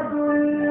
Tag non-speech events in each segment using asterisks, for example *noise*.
أحد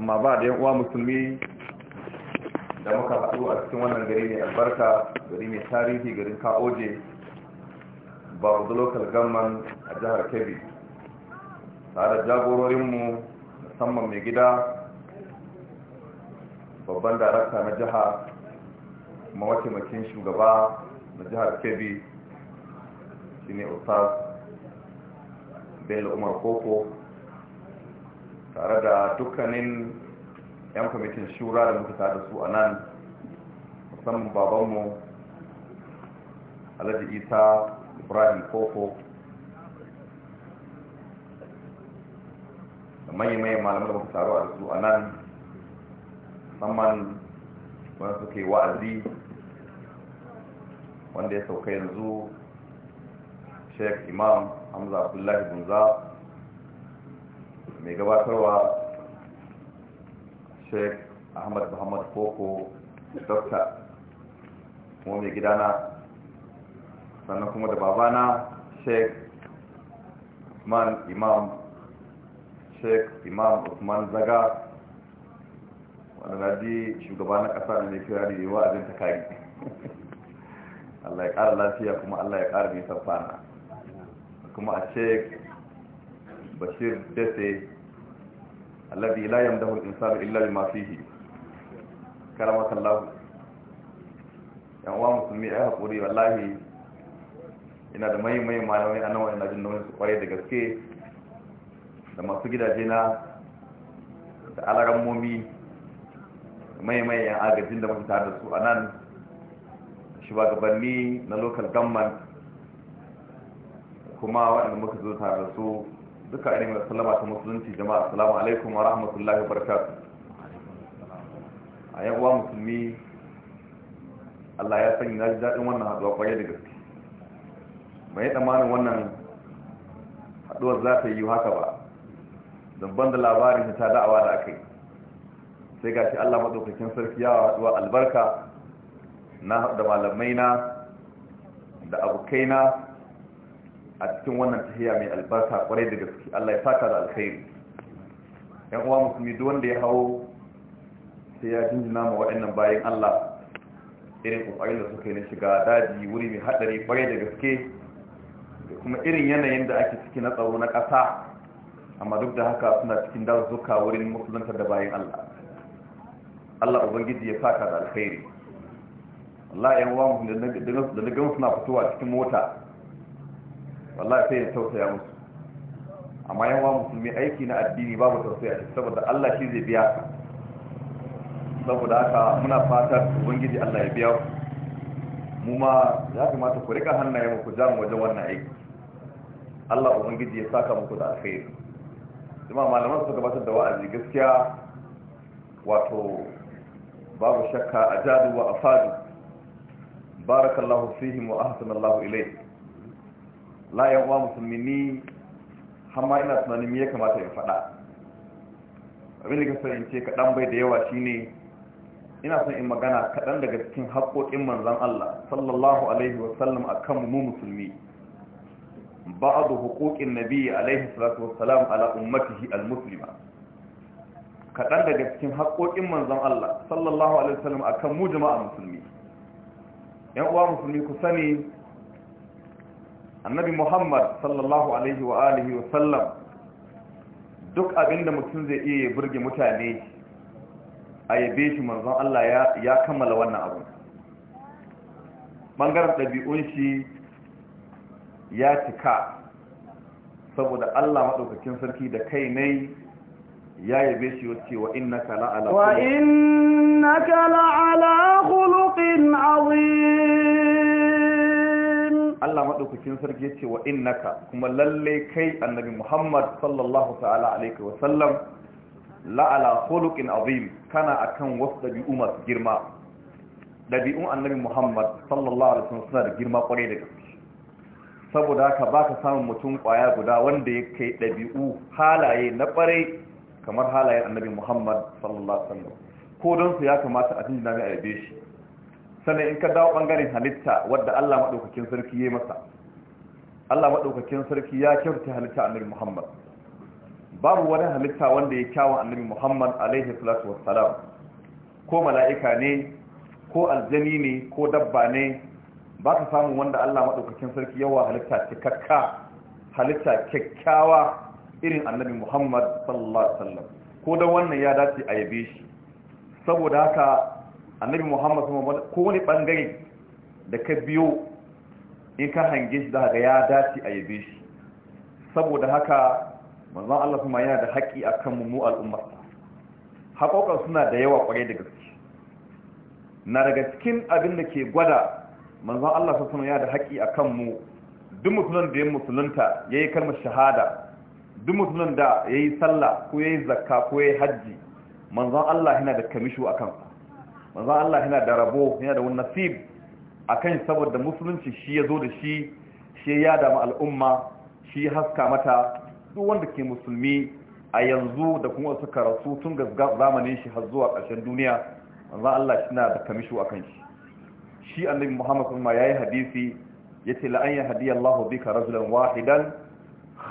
amma ba da yan'uwa musulmi da muka haɗu a cikin wannan gari mai albarka gari mai tarihi garin kaoje ba da local gamman a jihar kebbi tare da jagororinmu musamman mai gida babban darakta na jiha kuma shugaba na jihar kebbi shine ustaz bello umar koko tare da dukkanin 'yan kwamitin shura da muka da su a nan musamman babanmu alhaji isa ibrahim koko da manya-manyan malamai da muka taru a su a nan musamman wani suke wa'azi wanda ya sauka yanzu sheik imam hamza abdullahi bunza mai gabatarwa sheik ahmad muhammad koko dokta kuma mai gidana sannan kuma da babana sheik usman imam sheik imam usman zaga wanda ji shugaba na ƙasa da mai kira da wa'azin ta kari *laughs* allah ya ƙara lafiya kuma allah ya ƙara mai safana kuma a sheik bashir dase alladhi la yamdahu al-insanu illa bima fihi karama sallahu yan uwa musulmi ai hakuri wallahi ina da mai mai a anan wa'ina jin nauyin su kware da gaske da masu gidaje na da alaran momi mai mai yan agajin da muka tare da su anan shugabanni na local government kuma waɗanda muka zo tare da su duka ainihin da sallama ta musulunci jama'a assalamu alaikum wa rahmatullahi wa barakatuh a yan uwa musulmi Allah ya sanya na ji daɗin wannan haɗuwa kwaye da gaske mai yi tsammanin wannan haɗuwar za ta yi haka ba don ban da labarin ta da'awa da aka yi sai ga shi Allah maɗaukakin sarki yawa haɗuwa albarka na da malamai na da na a cikin wannan tahiya mai albarka kwarai da gaske Allah ya saka da alkhairi yan uwa musulmi duk wanda ya hawo sai ya jinjina ma waɗannan bayan Allah irin kokarin da suka yi na shiga daji wuri mai hadari kwarai da gaske da kuma irin yanayin da ake ciki na tsaro na ƙasa amma duk da haka suna cikin dazuka wurin musulunta da bayan Allah Allah ubangiji ya saka da alkhairi Allah yan uwa musulmi da na gama suna fitowa cikin mota wallahi sai ya tausaya musu amma yawa musulmi aiki na addini babu tausaya shi saboda Allah shi zai biya ka saboda haka muna fatar ubangiji Allah ya biya mu ma ya kamata ku rika hannayen ku jamu wajen wannan aiki Allah ubangiji ya saka muku da alkhairi kuma malaman su gabatar da wa'azi gaskiya wato babu shakka a jadu wa afadu barakallahu fihim wa ahsanallahu ilayhi la yan uwa musulmi ni har ina tunanin me ya kamata in faɗa abin da ka in ce kaɗan bai da yawa shi ne. ina son in magana kaɗan daga cikin haƙoƙin manzan Allah sallallahu alaihi wasallam a kan mu musulmi ba'adu hukukin nabi alaihi salatu wasalam ala ummatihi almuslima kaɗan daga cikin haƙoƙin manzan Allah sallallahu alaihi wasallam a kan mu jama'a musulmi yan uwa musulmi ku sani annabi muhammad sallallahu alaihi wa alihi wa sallam duk abinda mutum zai iya burge mutane a yabe shi manzon Allah ya kammala wannan abu bangaren ɗabi'un shi ya cika saboda Allah madaukakin sarki da kai ne ya yabe shi wace wa innaka la'ala wa innaka la'ala khuluqin azim Allah maɗaukakin sarki ce wa innaka kuma lalle kai annabi Muhammad sallallahu ta'ala alaihi wa sallam la'ala ala khuluqin azim kana akan wasu dabi'u masu girma dabi'un annabi Muhammad sallallahu alaihi wa sallam da girma kwarai da gaske saboda haka baka samun mutum kwaya guda wanda ya kai dabi'u halaye na kwarai kamar halayen annabi Muhammad sallallahu alaihi wa sallam ko don su ya kamata a tunjina mai aibe shi sannan in ka dawo bangaren halitta wadda Allah maɗaukakin sarki ya yi masa Allah maɗaukakin sarki ya kyauta halitta annabi Muhammad babu wani halitta wanda ya kyawun annabi Muhammad alaihi salatu wassalam ko mala'ika ne ko aljani ne ko dabba ne ba ka samu wanda Allah maɗaukakin sarki yawa halitta cikakka halitta kyakkyawa irin annabi Muhammad sallallahu alaihi wasallam ko da wannan ya dace a yabe shi saboda haka annabi muhammad ko wani bangare da ka biyo in ka hange shi da ya dace a yabe shi saboda haka manzan Allah kuma yana da haƙi kan mu al'ummarsa haƙoƙar suna da yawa ƙwarai da gaske na daga cikin abin da ke gwada manzan Allah suna yana da haƙi kan mu duk musulun da ya musulunta ya yi kalmar shahada duk musulun da ya yi sallah ko ya yi zakka ko ya yi hajji manzan Allah yana da kamishu a kan manzo Allah yana da rabo yana da wani nasib akan saboda musulunci shi ya zo da shi shi ya damu al'umma shi haska mata duk wanda ke musulmi a yanzu da kuma suka rasu tun ga zamanin shi har zuwa ƙarshen duniya manzo Allah shi na da kamishu akan shi shi annabi Muhammad kuma yayi hadisi yace la an yahdi Allahu bika rajulan wahidan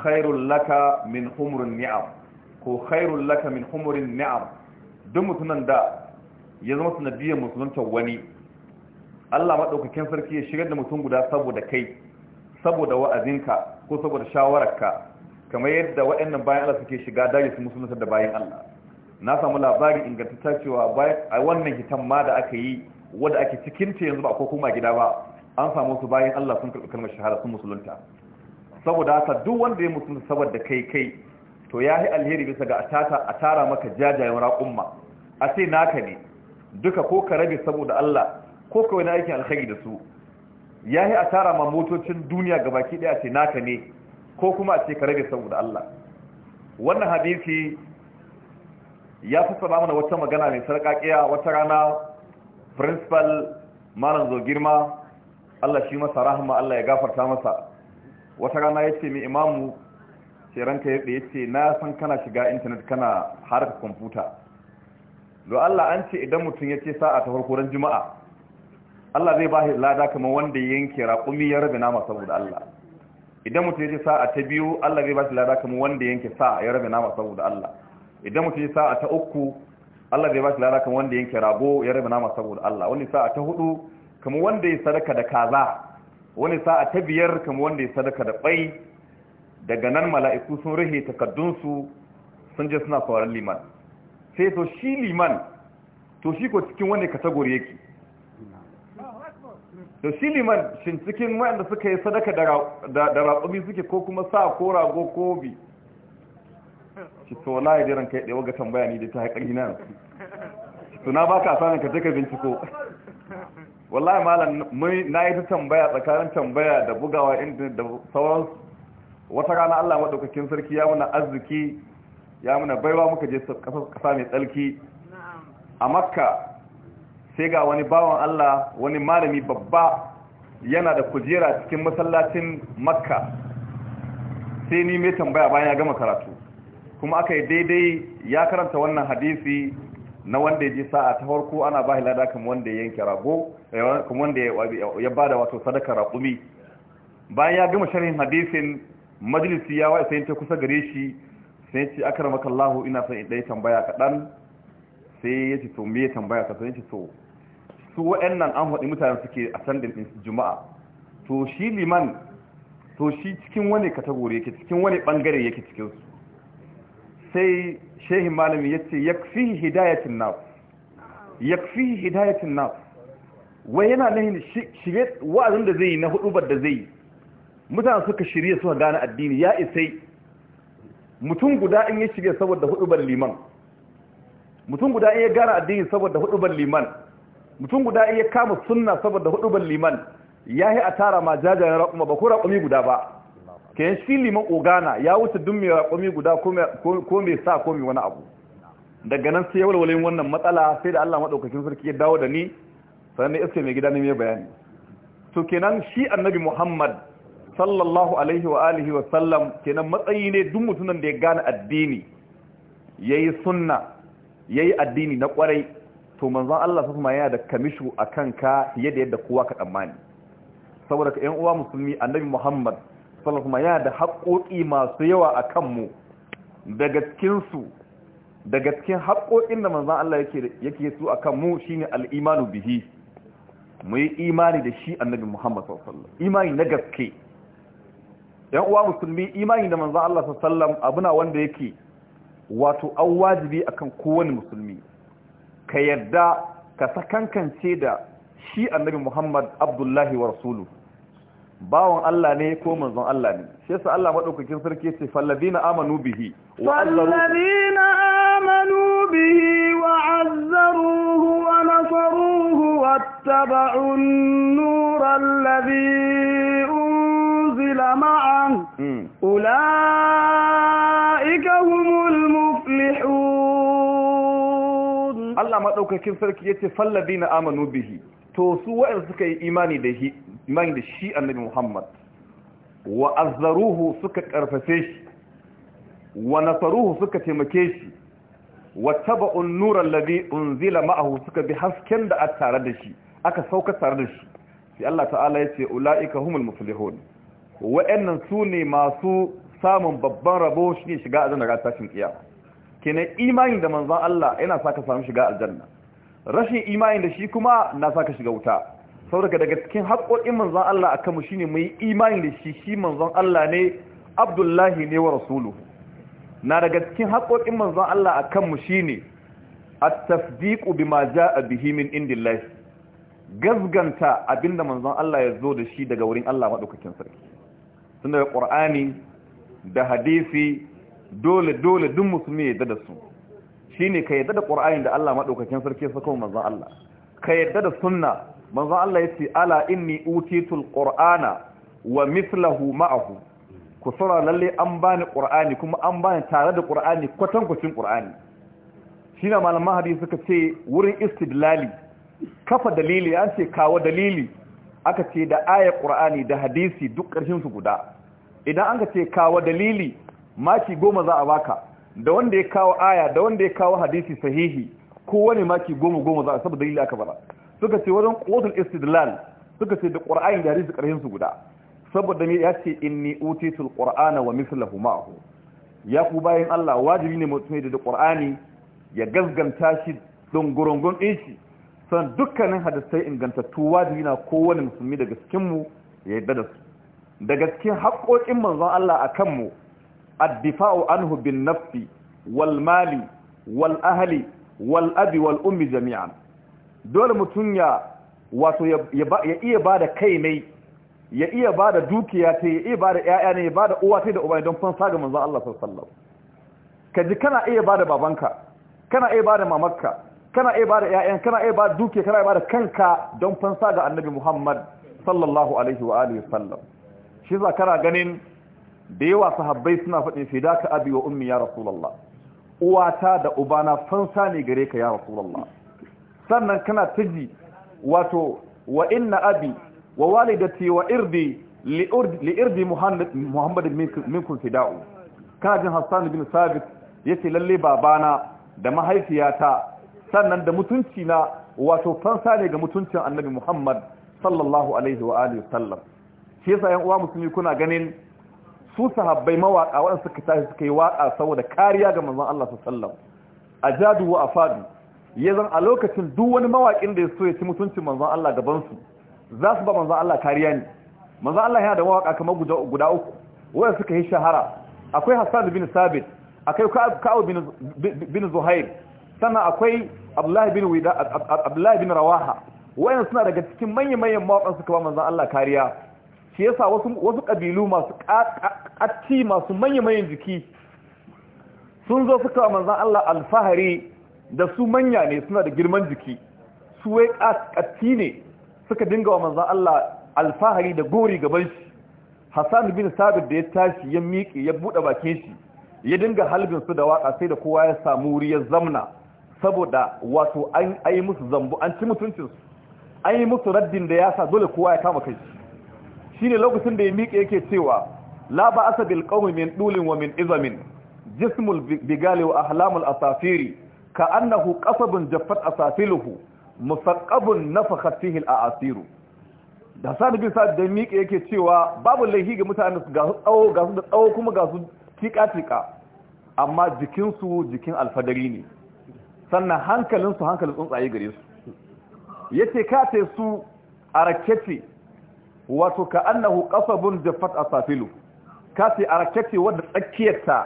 khairul laka min humrin ni'am ko khairul laka min humrin ni'am duk mutunan da ya zama sanadiyar musulunta wani Allah maɗaukakin sarki ya shigar da mutum guda saboda kai saboda wa'azinka ko saboda shawararka kamar yadda waɗannan bayan Allah suke shiga daji su musulunta da bayan Allah na samu labarin ingantacce cewa a wannan hitan ma da aka yi wadda ake cikin ta yanzu ba ko kuma gida ba an samu su bayan Allah sun karɓi kalmar shahada sun musulunta saboda haka duk wanda ya musulunta saboda kai kai to ya yi alheri bisa ga a tara maka jajayen raƙumma a ce naka ne duka ko ka rabe saboda Allah ko ka wani aikin alkhairi da su ya yi a tara ma motocin duniya ga baki ɗaya ce naka ne ko kuma a ce ka rabe saboda Allah wannan hadisi ya fi saba mana wata magana mai sarƙaƙiya wata rana principal malam zo girma Allah shi masa rahama Allah ya gafarta masa wata rana ya ce mai imamu ce ranka ya ce na san kana shiga intanet kana harka kwamfuta lo Allah an ce idan mutum ya ce sa'a ta farko ran juma'a Allah zai ba shi lada kamar wanda yanke raƙumi ya rabina nama saboda Allah idan mutum ya ce sa'a ta biyu Allah zai ba shi lada kamar wanda yanke sa'a ya rabina nama saboda Allah idan mutum ya sa'a ta uku Allah zai ba shi lada kamar wanda yanke rago ya rabina nama saboda Allah wani sa'a ta hudu kamar wanda ya sadaka da kaza wani sa'a ta biyar kamar wanda ya sadaka da bai daga nan mala'iku sun rahe takaddunsu sun je suna sauran liman sai to shi liman to shi ko cikin wani kategori yake to shi liman shin cikin wanda suka yi sadaka da ratsumi suke ko kuma sa ko rago ko bi shi to la ya jiran kai ɗaya ga tambaya ni da ta haƙari na to na baka sanin ka je ka binciko wallahi malam na yi ta tambaya tsakanin tambaya da bugawa inda da sauransu wata rana Allah maɗaukakin sarki ya muna arziki ya muna baiwa muka je kasa mai tsarki a makka sai ga wani bawan Allah wani malami babba yana da kujera cikin masallacin makka sai ni mai tambaya bayan ya gama karatu kuma aka yi daidai ya karanta wannan hadisi na wanda ya ji sa'a ta farko ana ba hilada kuma wanda ya yanke rago eh, kuma wanda ya bada wato sadaka raƙumi bayan ya gama sharhin hadisin majalisi ya wa'i sai ta kusa gare shi sai ce rama kallahu ina son ɗaya tambaya kaɗan sai ya ce to me tambaya ka sai ce to su nan an haɗi mutane suke a sandin ɗin juma'a to shi liman to shi cikin wani katagori yake cikin wani ɓangare yake cikin su sai shehin malami ya ce ya fi hidayatin ya fi hidayatin na wai yana nahin shige wa'azin da zai yi na hudubar da zai yi mutane suka shirya suka gane addini ya isai mutum guda in ya shige saboda hudubar liman mutum guda in ya gara addini saboda hudubar liman mutum guda in ya kama sunna saboda hudubar liman ya yi a tara ma jajayen raƙuma ba ko raƙumi guda ba kayan shi liman ogana ya wuce dun mai raƙumi guda ko mai sa ko mai wani abu daga nan sai walwalin wannan matsala sai da Allah maɗaukakin sarki ya dawo da ni sannan iske mai gida ne mai bayani to kenan shi annabi muhammad sallallahu alaihi wa alihi wa sallam kenan matsayi ne duk mutumin da ya gane addini yayi sunna yayi addini na kwarai to manzon Allah sa kuma yana da kamishu akan ka fiye da yadda kowa ka tsammani saboda ka ƴan uwa musulmi annabi Muhammad sallallahu alaihi yana da haƙoƙi masu yawa akan mu daga cikin su daga cikin haƙoƙin da manzon Allah yake yake su akan mu shine al-imanu bihi mu yi imani da shi annabi Muhammad sallallahu alaihi imani na gaske yan uwa musulmi imani da manzo Allah sallallahu abuna wanda yake wato an wajibi akan kowane musulmi ka yadda ka sakankance da shi annabi Muhammad Abdullahi wa rasulu bawon Allah ne ko manzon Allah ne shi yasa Allah madaukakin sarki ce falladina amanu bihi wa alladina amanu bihi wa azzaruhu wa nasaruhu wattaba'un nura قتل معا أولئك هم المفلحون الله ما دوكا كيف سركي يتي فالذين آمنوا به to su waɗanda suka yi imani da shi imani da annabi Muhammad wa suka karfafe shi wa nasaruhu suka taimake shi wa taba'un nura alladhi unzila ma'ahu suka bi hasken da aka tare da shi aka sauka tare da shi sai Allah ta'ala ya yace ulaika humul muflihun wa'annan su ne masu samun babban rabo shi ne shiga aljanna ga tashin kiyama kenan imani da manzon Allah yana sa ka samu shiga aljanna rashin imani da shi kuma na sa ka shiga wuta saboda daga cikin haƙoƙin manzon Allah akan mu shine mu yi imani da shi shi manzon Allah ne Abdullahi ne wa rasuluhu na daga cikin haƙoƙin manzon Allah akan mu shine at-tasdiqu bima jaa bihi min indillahi gazganta abinda manzon Allah ya zo da shi daga wurin Allah madaukakin sarki tun daga ƙur'ani da hadisi dole dole duk musulmi ya da su ne ka yadda da ƙur'ani da Allah maɗaukakin sarki ya kawo manzan Allah ka yadda da sunna manzan Allah ya ce ala inni utitul ƙur'ana wa mislahu ma'ahu ku sura lalle an bani ƙur'ani kuma an bani tare da ƙor'ani kwatankwacin kwacin Shi na malaman hadisi suka ce wurin istidlali kafa dalili an ce kawo dalili aka ce da ayar qur'ani da hadisi duk ƙarshen su guda idan an ka ce kawo dalili maki goma za a baka da wanda ya kawo aya da wanda ya kawo hadisi sahihi wani maki goma goma za a saboda dalili aka bara suka ce wajen qutul istidlal suka ce da qur'ani da hadisi ƙarshen su guda saboda ne ya ce inni utitul qur'ana wa mithluhu ma'ahu ya ku bayan Allah wajibi ne mutum da qur'ani ya gazganta shi don gurungun din shi san dukkanin hadisai ingantattu wajibi na kowane musulmi daga mu ya yarda da su daga cikin haƙoƙin manzon Allah a kanmu addifa'u anhu bin nafsi wal mali wal ahli wal abi wal ummi jami'an dole mutum ya wato ya iya bada kai ne ya iya bada dukiya ta ya iya bada ƴaƴa ne ya bada uwa ta da uba don fansa ga manzon Allah sallallahu alaihi wasallam kaji kana iya bada babanka kana iya bada mamarka kana iya bada ƴaƴan kana iya bada duke kana iya bada kanka don fansa ga annabi Muhammad sallallahu alaihi wa alihi sallam shi za kana ganin da yawa sahabbai suna faɗin fidaka abi wa ummi ya rasulullah uwata da ubana fansa ne gare ka ya rasulullah sannan kana taji wato wa inna abi wa walidati wa irdi li irdi muhammad muhammad minkum fida'u kana jin hassan bin sabit yace lalle babana da mahaifiyata sannan da mutunci na wato fansa ne ga mutuncin annabi Muhammad sallallahu alaihi wa alihi sallam shi yasa yan uwa musulmi kuna ganin su sahabbai mawaka waɗanda suka tashi suka yi waka saboda kariya ga manzon Allah sallallahu ajadu wa afadu yazan a lokacin duk wani mawakin da ya so ya ci mutuncin manzon Allah gaban su za su ba manzon Allah kariya ne manzon Allah yana da mawaka kamar guda guda uku wanda suka yi shahara akwai Hassan bin Sabit akwai Ka'ab bin Zuhair sannan akwai abdullahi bin rawaha wayan suna daga cikin manya-manyan mawakan suka ba manzan Allah kariya shi yasa wasu ƙabilu masu ƙatti masu manya-manyan jiki sun zo suka ba manzan Allah alfahari da su manya ne suna da girman jiki su wai ƙatti ne suka dinga wa manzan Allah alfahari da gori gaban shi hassan bin Sabir da ya tashi ya miƙe ya buɗe bakin shi ya dinga halbin su da waƙa sai da kowa ya samu wuri ya zamna saboda wato an yi musu zambu an ci mutuncinsu an yi musu raddin da ya sa dole kowa ya kama kai shi ne lokacin da ya miƙe yake cewa la ba asa bil qawmi min dulin wa min izamin jismul bigali wa ahlamul asafiri ka annahu qasabun jaffat asafiluhu musaqqabun nafakhat fihi al asiru da sa bin sa da miƙe yake cewa babu laihi ga mutane ga su tsawo ga su da tsawo kuma ga su tika tika amma jikinsu jikin alfadari ne sannan hankalinsu hankalin tsuntsaye gare su ya ce kace su a rakete wato ka annahu kasabun jafat a safilu kace a rakete wadda tsakiyarta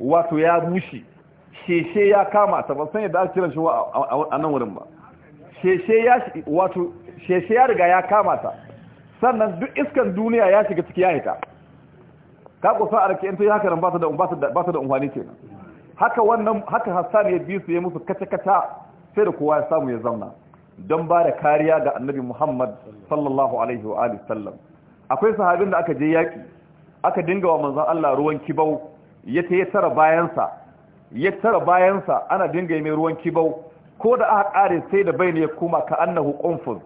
wato ya bushe sheshe ya kama ta ba sanya da ake kiran shi a nan wurin ba sheshe ya wato sheshe ya riga ya kama ta sannan duk iskan duniya ya shiga ciki ya hita ka kusa a rakete ta yi haka nan ba ta da umfani kenan haka wannan haka Hassan ya bi su ya musu kace kata sai da kowa ya samu ya zauna don ba da kariya ga annabi Muhammad sallallahu alaihi wa sallam akwai sahabin da aka je yaki aka dinga wa manzon Allah ruwan kibau ya ta tara bayansa ya tara bayansa ana dinga mai ruwan kibau ko da aka kare sai da bai ne ya kuma ka annahu qunfuz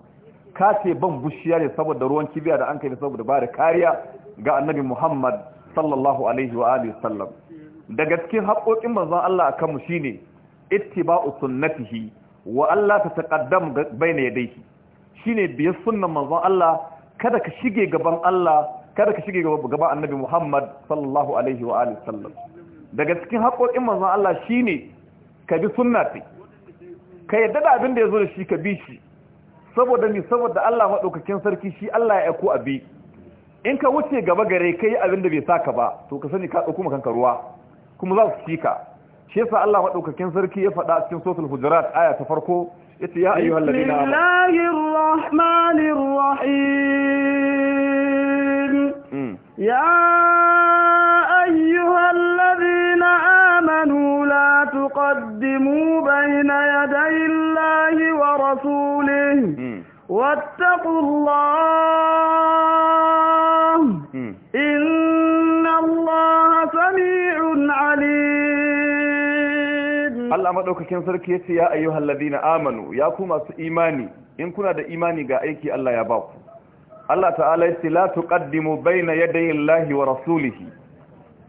ka ce ban bushiya ne saboda ruwan kibiya da an kai saboda ba da kariya ga annabi Muhammad sallallahu alaihi wa sallam daga cikin haƙoƙin manzon Allah kanmu shi shine ittiba'u sunnatihi wa Allah ta taqaddam bayna yadayhi shine biyar sunnan manzon Allah kada ka shige gaban Allah kada ka shige gaban Annabi Muhammad sallallahu alaihi wa alihi sallam daga cikin haƙoƙin manzon Allah shine ka bi sunnati ka yadda da abin da ya zo da shi ka bi shi saboda ni saboda Allah maɗaukakin sarki shi Allah ya aiko abi in ka wuce gaba gare kai abin da bai saka ba to ka sani ka ɗauko kanka ruwa kuma za su ci ka shi yasa Allah madaukakin sarki ya faɗa cikin suratul hujurat aya ta farko yace ya ayyuhal ladina amanu bismillahir rahmanir rahim ya ayyuhal ladina amanu la tuqaddimu bayna yaday illahi wa rasulihi wattaqullaha Allah maɗaukakin sarki ya ce ya ayyuhal ladina amanu ya ku masu imani in kuna da imani ga aiki Allah ya ba ku Allah ta'ala ya yace la tuqaddimu bayna yaday Allahi wa rasulihi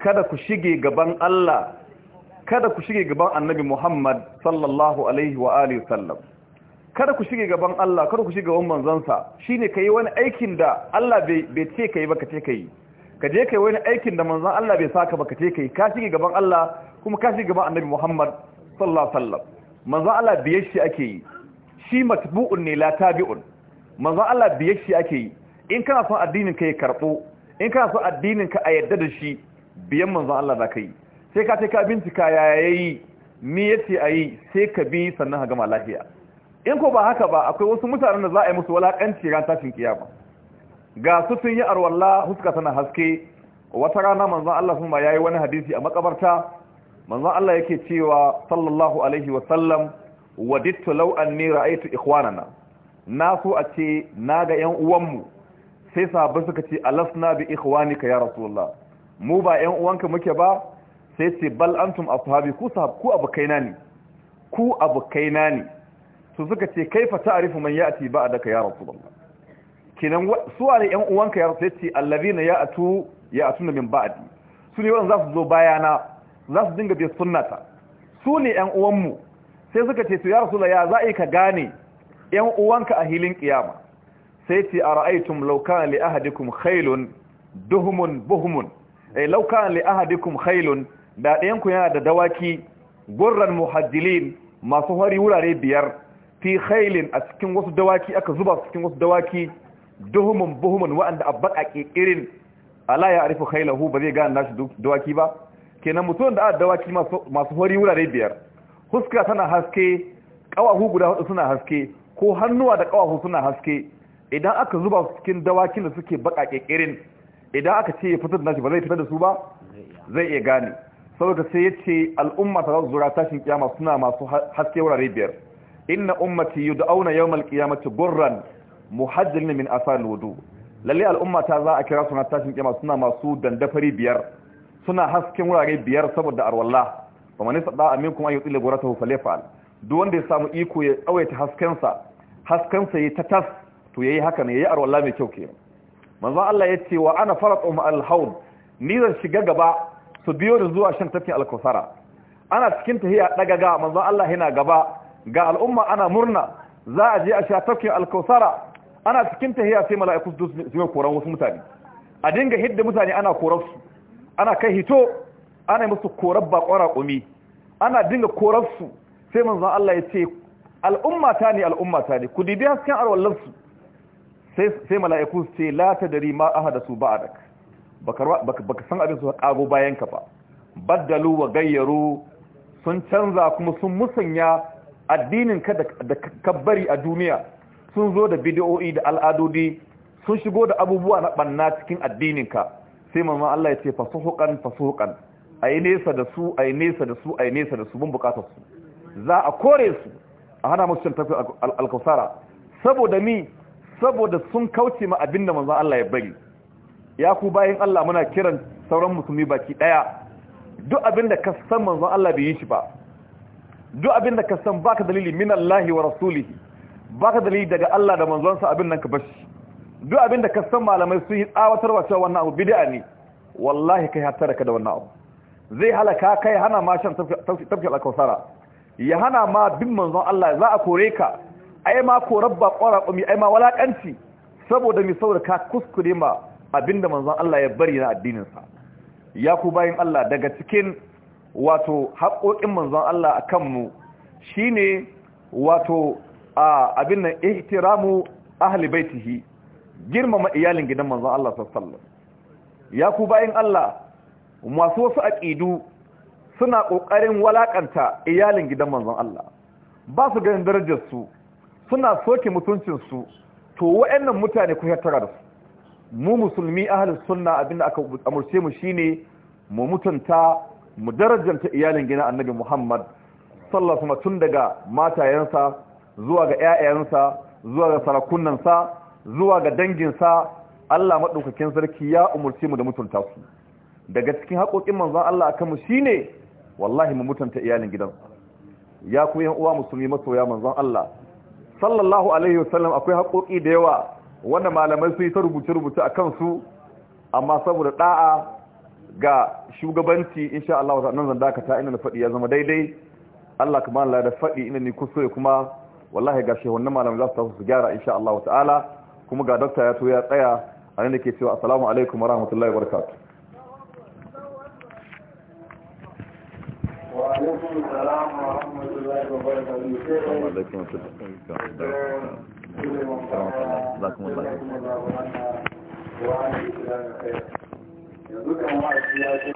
kada ku shige gaban Allah kada ku shige gaban Annabi Muhammad sallallahu alaihi wa alihi sallam kada ku shige gaban Allah kada ku shige gaban manzansa shine kai wani aikin da Allah bai ce kai ba ka ce kai ka je kai wani aikin da manzon Allah bai saka ba ka ce kai ka shige gaban Allah kuma ka shige gaban Annabi Muhammad sallallahu alaihi wasallam manzo Allah biyar shi ake yi shi matbu'un ne la tabi'un manzo Allah biyar shi ake yi in kana son addinin ka ya karbo in kana son addinin ka a yadda da shi biyan manzo Allah za ka yi sai ka ce ka bincika yayi me yace ayi sai ka bi sannan ka gama lafiya in ko ba haka ba akwai wasu mutanen da za a yi musu walakanci ran tashin kiyama ga su sun yi arwalla huska sana haske wata rana manzo Allah kuma yayi wani hadisi a makabarta manzo Allah yake cewa sallallahu alaihi wa sallam wadittu law anni ra'aytu ikhwanana na so a ce na ga yan uwanmu sai sahabbai suka ce alasna bi ikhwanika ya rasulullah mu ba yan uwanka muke ba sai ce bal antum ashabi ku sahab ku abukaina ne ku abukaina ne su suka ce kaifa ta'rifu man ya'ti ba'daka ya rasulullah kinan su ne yan uwanka ya rasulullah sai ce allazina ya'tu ya'tuna min ba'di su ne wanda za su zo bayana za su dinga bi sunnata su ne yan uwanmu sai suka ce su ya rasu ya yi ka gane yan uwanka a hilin kiyama sai ce a ra'aitun laukan li ahadikum hailun duhumun buhumun eh law li da ɗayan yana da dawaki gurran muhajjilin masu hari wurare biyar fi khaylin a cikin wasu dawaki aka zuba cikin wasu dawaki duhumun buhumun wa'anda abba a kikirin ala ya arifu khaylahu ba zai gane nashi dawaki ba kenan mutum da aka dawaki masu hori wurare biyar huska tana haske kawahu guda hudu suna haske ko hannuwa da kawahu suna haske idan aka zuba su cikin dawakin da suke baka kekerin idan aka ce ya fitar da nashi ba zai fitar da su ba zai iya gane saboda sai yace al'umma ta zura tashin kiyama suna masu haske wurare biyar inna ummati yud'auna yawmal qiyamati gurran muhajjalin min asal wudu lalle al'umma ta za a kira suna tashin kiyama suna masu dandafari biyar suna hasken wurare biyar saboda arwalla wa kuma yasda aminkum an yutila ta falyafal duk wanda ya samu iko ya tsawaita haskensa haskensa ya ta tas to yayi haka ne yayi arwalla mai kyau kenan manzo Allah ya ce wa ana faratu ma alhaun ni zan shiga gaba su biyo da zuwa shan tafin al ana cikin tahiya dagaga manzo Allah yana gaba ga al'umma ana murna za a je a sha tafkin al ana cikin tahiya sai mala'iku su zo koran wasu mutane a dinga hidda mutane ana koran su ana kai hito ana musu korar bakon kumi ana dinga korarsu sai manzon Allah ya ce al'ummata ne al'ummata ne ku dibi hasken arwallarsu sai mala'iku ce la ta dari ma aha da su baka san abin su kago bayan ka ba baddalu wa gayyaru sun canza kuma sun musanya addinin ka da kabbari a duniya sun zo da bidiyo'i da al'adodi sun shigo da abubuwa na banna cikin addininka sai mamman Allah ya ce fasuhuqan a yi nesa da su a yi nesa da su a yi nesa da su mun bukatar su za a kore su a hana musu cin tafi alkausara saboda mi saboda sun kauce ma abinda manzon Allah ya bari ya ku bayan Allah muna kiran sauran musulmi baki daya duk abinda ka san manzon Allah bai yi shi ba duk abinda ka san baka dalili min Allah wa rasulihi baka dalili daga Allah da manzon sa abin nan ka bashi duk abin da ka malamai sun yi tsawatarwa cewa wannan abu bid'a ne wallahi kai hatta ka da wannan abu zai halaka kai hana ma shan tafki al-kausara ya hana ma bin manzon Allah za a kore ka ai ma korar ba kwara kumi ai ma walakanci saboda mi saboda ka kuskure ma abinda manzon Allah ya bari na addinin sa ya ku bayin Allah daga cikin wato haƙoƙin manzon Allah akan mu shine wato abin nan ihtiramu ahli baitihi girmama iyalin gidan manzon Allah sallallahu ya ku bayin Allah masu wasu aqidu suna kokarin walakanta iyalin gidan manzon Allah ba su ganin darajar su suna soke mutuncin su to wayannan mutane ku tattara da su mu musulmi ahlus sunna abinda aka amurce mu shine mu mutunta mu darajanta iyalin gidan annabi Muhammad sallallahu alaihi wasallam tun daga matayensa zuwa ga ƴaƴayensa zuwa ga sarakunansa zuwa ga danginsa Allah maɗaukakin sarki ya umarci mu da mutunta su daga cikin haƙoƙin manzon Allah akan mu shine wallahi mu mutunta iyalin gidan ya ku yan uwa musulmi masoya manzon Allah sallallahu alaihi wasallam akwai haƙoƙi da yawa wanda malamai su yi ta rubuce-rubuce a kansu amma saboda da'a ga shugabanci insha Allah wata nan zanda ka ta ina da faɗi ya zama daidai Allah kuma Allah da faɗi ina ni kuso kuma wallahi ga wannan malamai za su tafi su gyara insha Allah ta'ala kuma ga dokta ya to ya tsaya a nan ke cewa assalamu alaikum wa rahmatullahi wa barakatuh wa wa rahmatullahi wa barakatuh